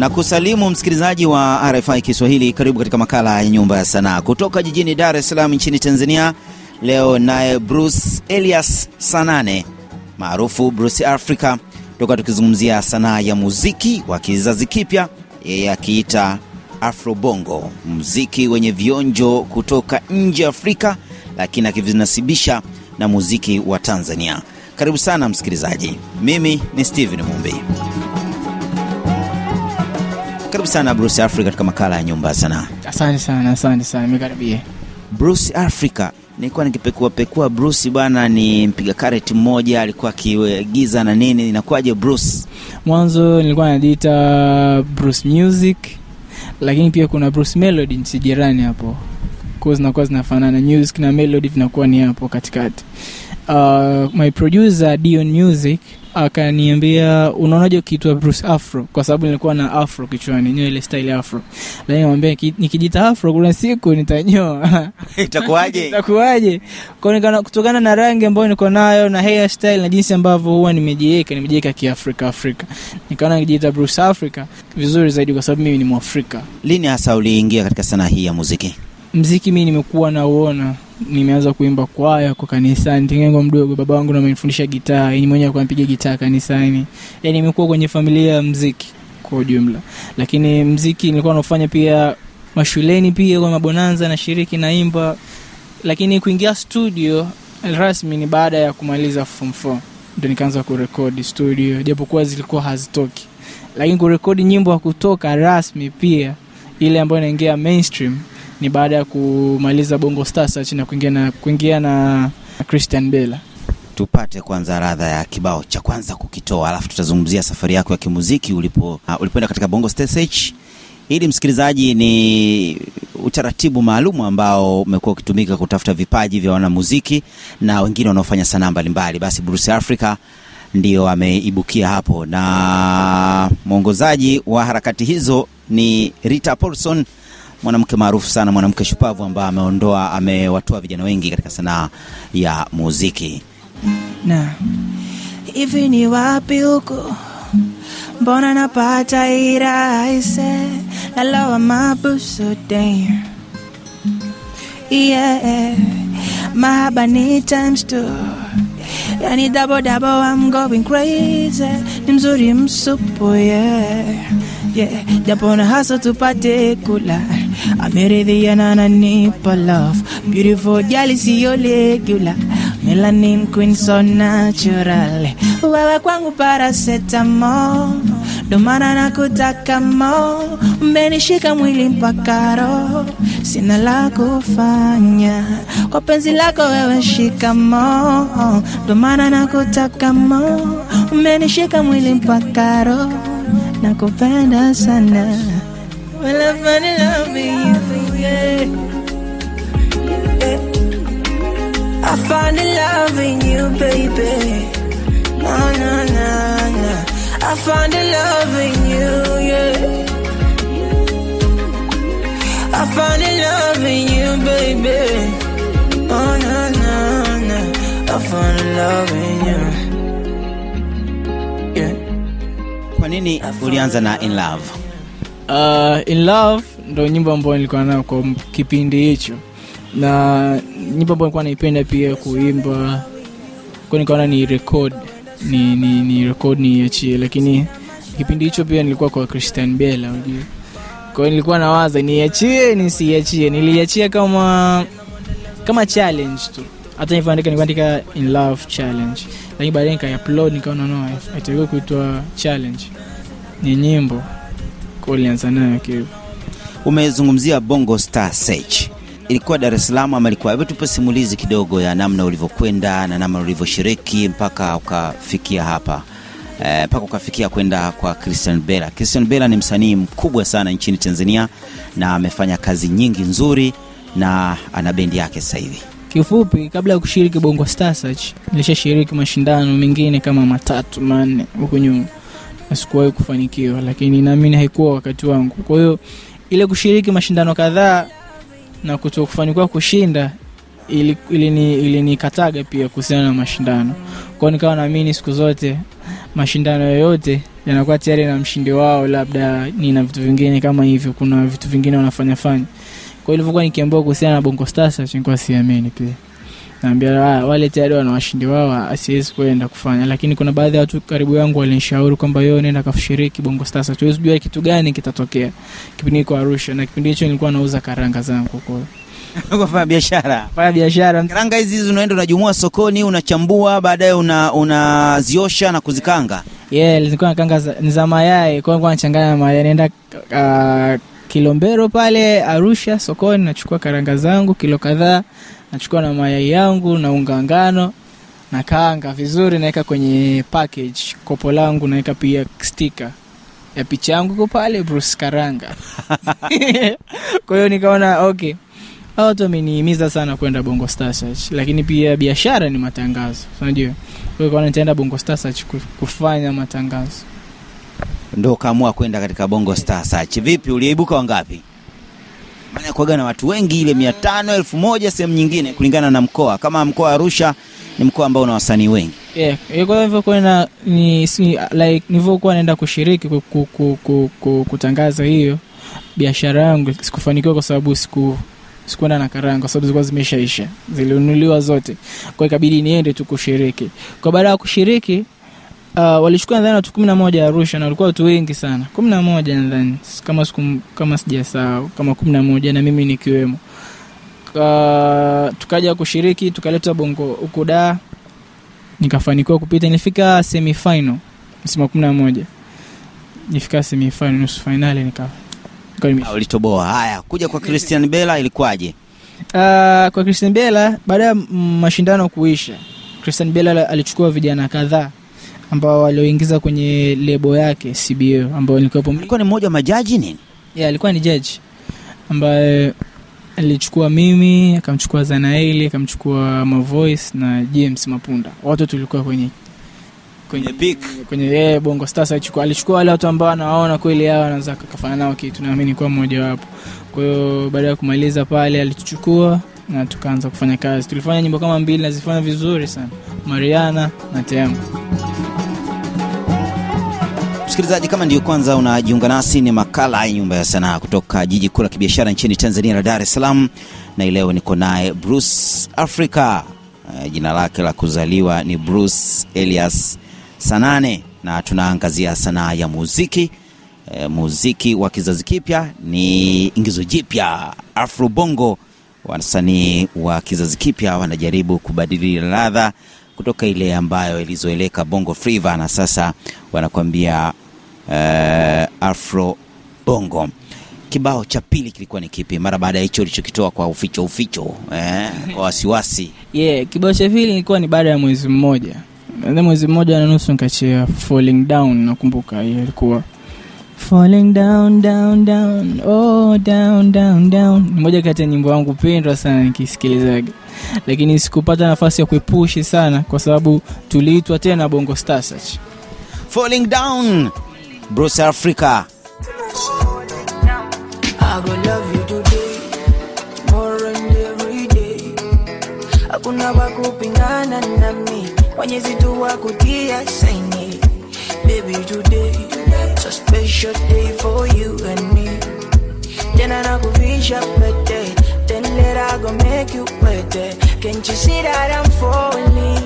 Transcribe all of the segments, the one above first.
Na kusalimu msikilizaji wa RFI Kiswahili, karibu katika makala ya nyumba ya sanaa kutoka jijini Dar es Salaam nchini Tanzania. Leo naye Bruce Elias Sanane maarufu Bruce Africa, toka tukizungumzia sanaa ya muziki wa kizazi kipya, yeye akiita Afrobongo, muziki wenye vionjo kutoka nje Afrika, lakini akivinasibisha na muziki wa Tanzania. Karibu sana msikilizaji, mimi ni stehen Mumbi. Karibu sana Bruce Africa katika makala ya nyumba sanaa. Asante sana, asante sana, mikaribie Bruce Africa, nilikuwa nikipekua pekua Bruce bwana, ni mpiga kareti mmoja alikuwa akiigiza na nini, inakuwaje Bruce? Mwanzo nilikuwa najiita Bruce Music, lakini pia kuna Bruce Melody nchi jirani hapo, kwa zinakuwa zinafanana music na melody vinakuwa ni hapo katikati uh, my producer Dion Music akaniambia unaonaje ukiitwa Bruce Afro kwa sababu nilikuwa na afro kichwani, ile style afro. Lakini mwambia nikijita afro kuna siku nitanyoa. itakuaje itakuaje Kwa nikana kutokana na rangi ambayo niko nayo na hair style na jinsi ambavyo huwa nimejiweka, nimejiweka kiafrika Afrika. Nikaona nikijita Bruce Africa vizuri zaidi kwa sababu mimi ni Mwafrika. Lini hasa uliingia katika sanaa hii ya muziki? Mziki mimi nimekuwa nauona nimeanza kuimba kwaya kwa kanisani tangu mdogo. Baba wangu ndo amenifundisha gitaa, yeye mwenye alikuwa anapiga gitaa kanisani. yani nimekuwa kwenye familia ya mziki kwa ujumla, lakini mziki nilikuwa naofanya pia mashuleni, pia kwa mabonanza na nashiriki, naimba, lakini kuingia studio rasmi ni baada ya kumaliza form 4 ndo nikaanza kurekodi studio, japokuwa zilikuwa hazitoki, lakini kurekodi nyimbo kutoka rasmi pia ile ambayo inaingia mainstream ni baada ya kumaliza Bongo stasach na kuingia na kuingia na Christian bela Tupate kwanza radha ya kibao cha kwanza kukitoa, alafu tutazungumzia safari yako ya kimuziki ulipo uh, ulipoenda katika Bongo stasach ili Hili msikilizaji, ni utaratibu maalum ambao umekuwa ukitumika kutafuta vipaji vya wanamuziki na wengine wanaofanya sanaa mbalimbali. Basi Bruce Africa ndiyo ameibukia hapo, na mwongozaji wa harakati hizo ni Rita Paulson mwanamke maarufu sana, mwanamke shupavu ambaye ameondoa amewatoa vijana wengi katika sanaa ya muziki. Na hivi ni wapi huko, mbona napata ira ise nalowa mabuso damn yeah mahaba ni times two yani double double I'm going crazy ni mzuri msupo yeah yeah Japona haso tupate kula ameridhia na nipa love beautiful jali yole legula melanin queen so natural wewe kwangu parasetamo ndo maana kutaka mo umenishika mwili mpaka roho sina la kufanya kwa penzi lako wewe shikamo ndo maana kutaka mo umenishika mwili mpaka roho nakupenda sana Well, I'm running out with you, yeah. I find a love in you, baby. No, no, no, no. I find a love in you, yeah. I find a love in you, baby. No, no, no, no. I find a love in you. Yeah. Kwa nini ulianza na in love? uh, in love ndo nyimbo ambayo nilikuwa nayo kwa kipindi hicho na nyimbo ambayo nilikuwa naipenda pia kuimba kwa nikaona ni record ni, ni, ni record niachie lakini kipindi hicho pia nilikuwa kwa christian bela ujue kwa hiyo nilikuwa nawaza niachie nisiachie niliachia kama kama challenge tu hata nivyoandika nikuandika in love challenge lakini baadae nikaiupload nikaona no itakiwa kuitwa challenge ni nyimbo ulianza nayo kivi? Umezungumzia Bongo Star Search, ilikuwa Dar es Salaam ama ilikuwa? Hebu tupe simulizi kidogo ya namna ulivyokwenda na namna ulivyoshiriki mpaka ukafikia hapa eh, mpaka e, ukafikia kwenda kwa Christian Bella. Christian Bella ni msanii mkubwa sana nchini Tanzania na amefanya kazi nyingi nzuri na ana bendi yake sasa hivi. Kifupi, kabla ya kushiriki Bongo Star Search nilishashiriki mashindano mengine kama matatu manne huko nyuma sikuwahi kufanikiwa, lakini naamini haikuwa wakati wangu. Kwa hiyo ile kushiriki mashindano kadhaa na kuto kufanikiwa kushinda ilinikataga ili ili pia kuhusiana na mashindano kwao. Nikawa naamini siku zote mashindano yoyote yanakuwa tayari na mshindi wao, labda nina vitu vingine kama hivyo, kuna vitu vingine wanafanyafanya kwao. Ilivyokuwa nikiambiwa kuhusiana na Bongo Stars nilikuwa siamini pia naambia ah, wale tayari wana washindi wao, asiwezi ah, kwenda kufanya. Lakini kuna baadhi ya watu karibu yangu walinishauri kwamba yo, nenda kafushiriki Bongo Stars, tuwezi jua kitu gani kitatokea. Kipindi hiko Arusha, na kipindi hicho nilikuwa nauza karanga zangu kwa kufanya biashara fanya biashara. Karanga hizi hizi unaenda unajumua sokoni, unachambua, baadaye unaziosha una na kuzikanga. Yeah, nilikuwa nakanga ni za mayai, kwa hiyo nachanganya mayai, naenda uh, Kilombero pale Arusha sokoni, nachukua karanga zangu kilo kadhaa nachukua na mayai yangu na unga ngano nakaanga vizuri, naweka kwenye package. Kopo langu naweka pia stika ya picha yangu iko pale Bruce Karanga. Kwa hiyo nikaona okay, hawa watu wamenihimiza sana kwenda Bongo Star Search, lakini pia biashara ni matangazo, unajua. Kwa hiyo nitaenda Bongo Star Search kufanya matangazo, ndio kaamua kwenda katika Bongo Star Search. Vipi, uliibuka wangapi? maana kuaga na watu wengi, ile mia tano elfu moja sehemu nyingine, kulingana na mkoa. Kama mkoa wa Arusha ni mkoa ambao una wasanii wengi yeah. Eh, nilivyokuwa ni, like, naenda kushiriki ku, ku, ku, ku, kutangaza hiyo biashara yangu sikufanikiwa kwa sababu siku sikuenda na karanga kwa sababu zilikuwa zimeshaisha, zilinunuliwa zote, kwa ikabidi niende tu kushiriki. Kwa baada ya kushiriki Uh, walichukua nadhani watu kumi na moja Arusha na walikuwa watu wengi sana, kumi na moja nadhani kama siku, kama sijasahau kama kumi na moja na mimi nikiwemo. Uh, tukaja kushiriki tukaleta bongo huko da, nikafanikiwa kupita, nilifika semifinal msimu wa kumi na moja nilifika semifinal, nusu fainali nika ah, ulitoboa. Haya, kuja kwa Christian Bella ilikuwaje? Uh, kwa Christian Bella baada ya mashindano kuisha, Christian Bella alichukua vijana kadhaa ambao walioingiza kwenye lebo yake CBO ambao nilikuwepo. Alikuwa ni mmoja wa majaji nini? Yeah, alikuwa ni judge ambaye alichukua mimi, akamchukua Zanaeli, akamchukua Mavoice na James Mapunda. Watu tulikuwa kwenye kwenye pick kwenye yeye Bongo Stars alichukua alichukua wale watu ambao anaona kweli hao anaweza kufanya nao kitu, naamini kwa mmoja wapo. Kwa hiyo baada ya kumaliza pale alituchukua na tukaanza kufanya kazi. Tulifanya nyimbo kama mbili na zifanya vizuri sana, Mariana na Tembo. Msikilizaji, kama ndiyo kwanza unajiunga nasi, ni makala ya Nyumba ya Sanaa kutoka jiji kuu la kibiashara nchini Tanzania la Dar es Salaam, na leo niko naye Bruce Africa. Uh, eh, jina lake la kuzaliwa ni Bruce Elias Sanane, na tunaangazia sanaa ya muziki e, muziki wa kizazi kipya ni ingizo jipya Afro Bongo. Wasanii wa kizazi kipya wanajaribu kubadili ladha kutoka ile ambayo ilizoeleka Bongo Flava, na sasa wanakuambia uh, Afro Bongo. Kibao cha pili kilikuwa ni kipi mara baada ya hicho ulichokitoa kwa uficho uficho, eh, kwa wasiwasi? Yeah, kibao cha pili ilikuwa ni baada ya mwezi mmoja, mwezi mmoja na nusu, nikachia falling down, nakumbuka hiyo ilikuwa Falling down down down oh down down down, ni moja kati ya nyimbo yangu pendwa sana nikisikilizaga, lakini sikupata nafasi ya kuipushi sana kwa sababu tuliitwa tena Bongo Star Falling down Bruce Africa I wakupingana nami, Mwenyezi tu wakutia saini. Baby today a special day for you and me. Then I go reach up, birthday. Then later I go make you wait there. Can't you see that I'm falling?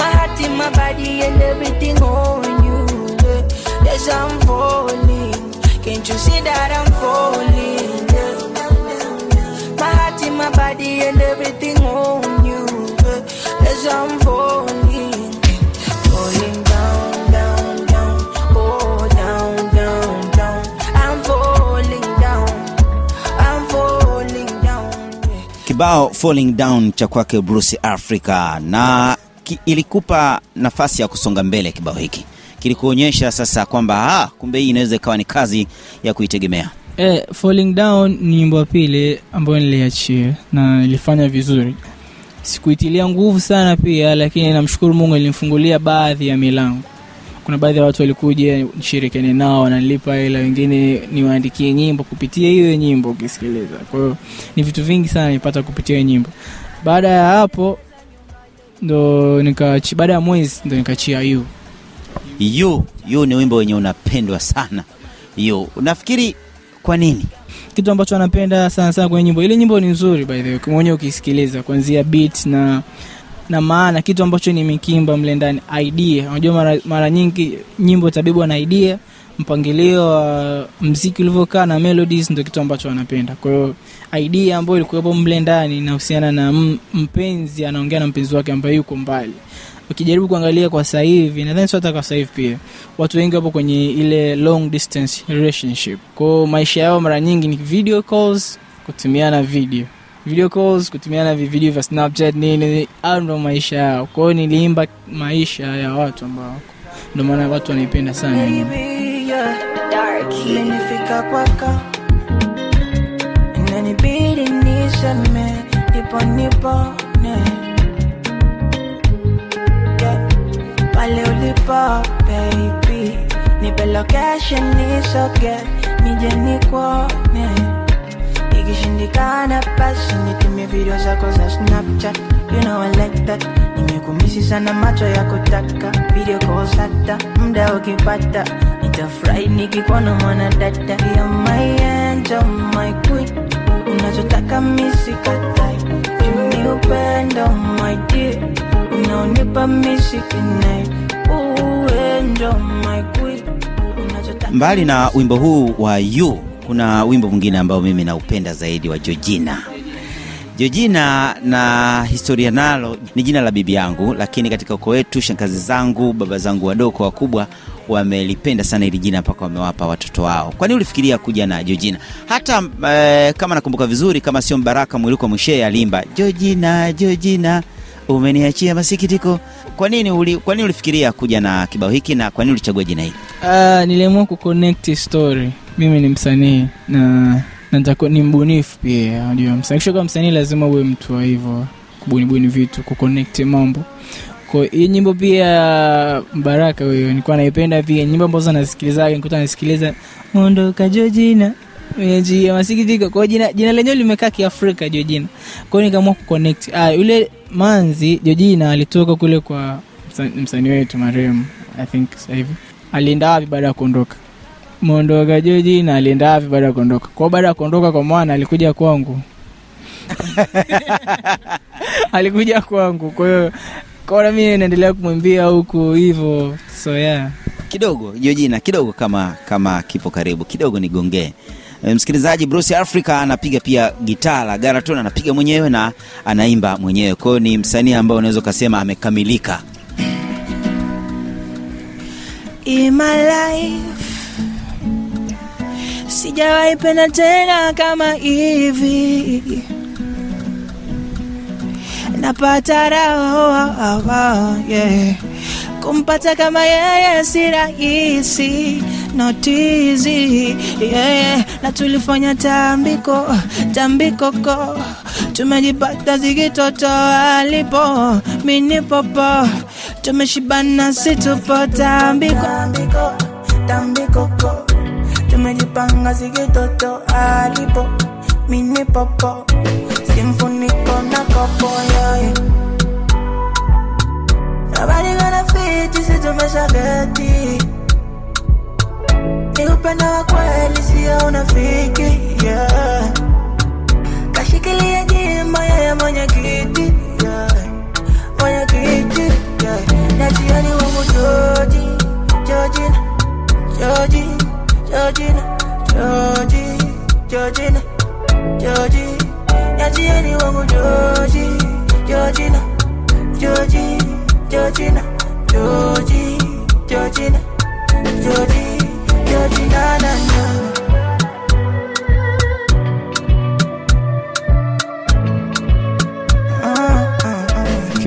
My heart in my body and everything on you. Yeah. Yes, I'm falling. Can't you see that I'm falling? Yeah. My heart in my body and everything on you. Yeah. Yes, I'm falling. kibao falling down cha kwake Bruce Africa, na ki, ilikupa nafasi ya kusonga mbele. Kibao hiki kilikuonyesha sasa kwamba ah, kumbe hii inaweza ikawa ni kazi ya kuitegemea. E, falling down ni nyimbo ya pili ambayo niliachia na ilifanya vizuri, sikuitilia nguvu sana pia, lakini namshukuru Mungu ilimfungulia baadhi ya milango kuna baadhi ya watu walikuja nishirikiane nao wananilipa hela, wengine niwaandikie nyimbo kupitia hiyo nyimbo ukisikiliza. Kwa hiyo ni vitu vingi sana nipata kupitia hiyo nyimbo. Baada ya hapo ndo baada ya mwezi ndo nikachia yu yu yu. Ni wimbo wenye unapendwa sana yu, nafikiri kwa nini? Kitu ambacho anapenda sana sana kwenye nyimbo ile, nyimbo ni nzuri by the way, mwenyewe ukisikiliza kuanzia beat na na maana, kitu ambacho nimekimba mle ndani, idea. Unajua mara, mara nyingi nyimbo tabibwa na idea, mpangilio wa uh, mziki ulivyokaa na melodies, ndio kitu ambacho wanapenda. Kwa hiyo idea ambayo ilikuwepo mle ndani inahusiana na mpenzi anaongea na mpenzi wake ambaye yuko mbali ukijaribu kuangalia kwa sasa hivi, nadhani sio hata kwa sasa hivi, pia watu wengi wapo kwenye ile long distance relationship, kwao maisha yao mara nyingi ni video calls, kutumiana video video calls, kutumiana video vya Snapchat nini, au ndo maisha yao. Kwa hiyo niliimba maisha ya watu ambao ndo maana watu wanaipenda sana. Umenifika kwako, inanibidi niseme baby, nipe location nisoge nije Ikishindikana basi nitumie video zako za Snapchat, you know I like that. Nimekumisi sana macho ya kutaka video call sata, muda ukipata nitafurahi nikikuona mwana dada, ya my angel, my queen, unachotaka misi katai, tumi upendo my dear, unaonipa misi kinai, uwe ndo my queen. Mbali na wimbo huu wa you kuna wimbo mwingine ambao mimi naupenda zaidi wa jojina jojina na historia nalo ni jina la bibi yangu, lakini katika uko wetu shangazi zangu, baba zangu wadogo, wakubwa wamelipenda sana hili jina mpaka wamewapa watoto wao. Kwani ulifikiria kuja na jojina Hata eh, kama nakumbuka vizuri, kama sio Mbaraka mwiliko Mwishe alimba jojina jojina umeniachia masikitiko. Kwa nini uli, kwa nini ulifikiria kuja na kibao hiki na kwa nini ulichagua jina hili? Uh, niliamua kuconnect story mimi ni msanii na nataka ni mbunifu pia unajua msanii kama msanii lazima uwe mtu wa hivyo kubunibuni vitu kuconnect mambo kwa hii nyimbo pia baraka huyo nilikuwa naipenda pia nyimbo ambazo nasikilizaga nikuta nasikiliza mondoka jojina ya masikitiko kwao jina, jina lenyewe limekaa kiafrika jojina kwao nikaamua kuconnect ah, yule manzi jojina alitoka kule kwa msanii msani wetu marehemu i think sahivi alienda wapi baada ya kuondoka Mondoga Joji na alienda wapi baada ya kuondoka kwao? Baada ya kuondoka kwa mwana alikuja kwangu alikuja kwangu, kwahiyo kaona mi naendelea kumwimbia huku hivo so yeah. Kidogo Jojina, kidogo kama kama kipo karibu kidogo, nigongee e, msikilizaji. Bruce Africa anapiga pia gitaa la Garaton, anapiga mwenyewe na anaimba mwenyewe, kwa ni msanii ambayo unaweza ukasema amekamilika. In my life sijawahi penda tena kama hivi, napata raha yeah. Kumpata kama yeye si rahisi notizi yeah. Na tulifanya tambiko tambikoko, tumejipata zikitoto alipo minipopo, tumeshibana situpo tambiko tambiko, tambiko. Panga sigi to alipo, mini popo, sinfónico na copo, yeah, yeah. Nobody gonna fit, you is too much spaghetti. Nikupenda wa kweli, sio unafiki, yeah. Kashikilia jimbo, yeye mwenyekiti, yeah. Mwenyekiti, yeah. Na jioni wangu Georgina, Georgina, Georgina. Georgie, Georgina, Georgie, Joji, yachieni wangu Georgie, Georgina, Georgie, Georgina, Georgie, Georgina, Georgie.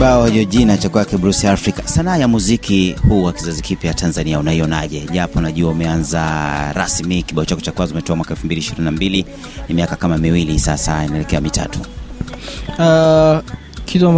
kibao jina cha kwake Bruce Africa. Sanaa ya muziki huu wa kizazi kipya Tanzania unaionaje? Japo najua umeanza rasmi kibao chako cha kwanza umetoa mwaka 2022, ni miaka kama miwili sasa inaelekea mitatu. Uh, ah, kitu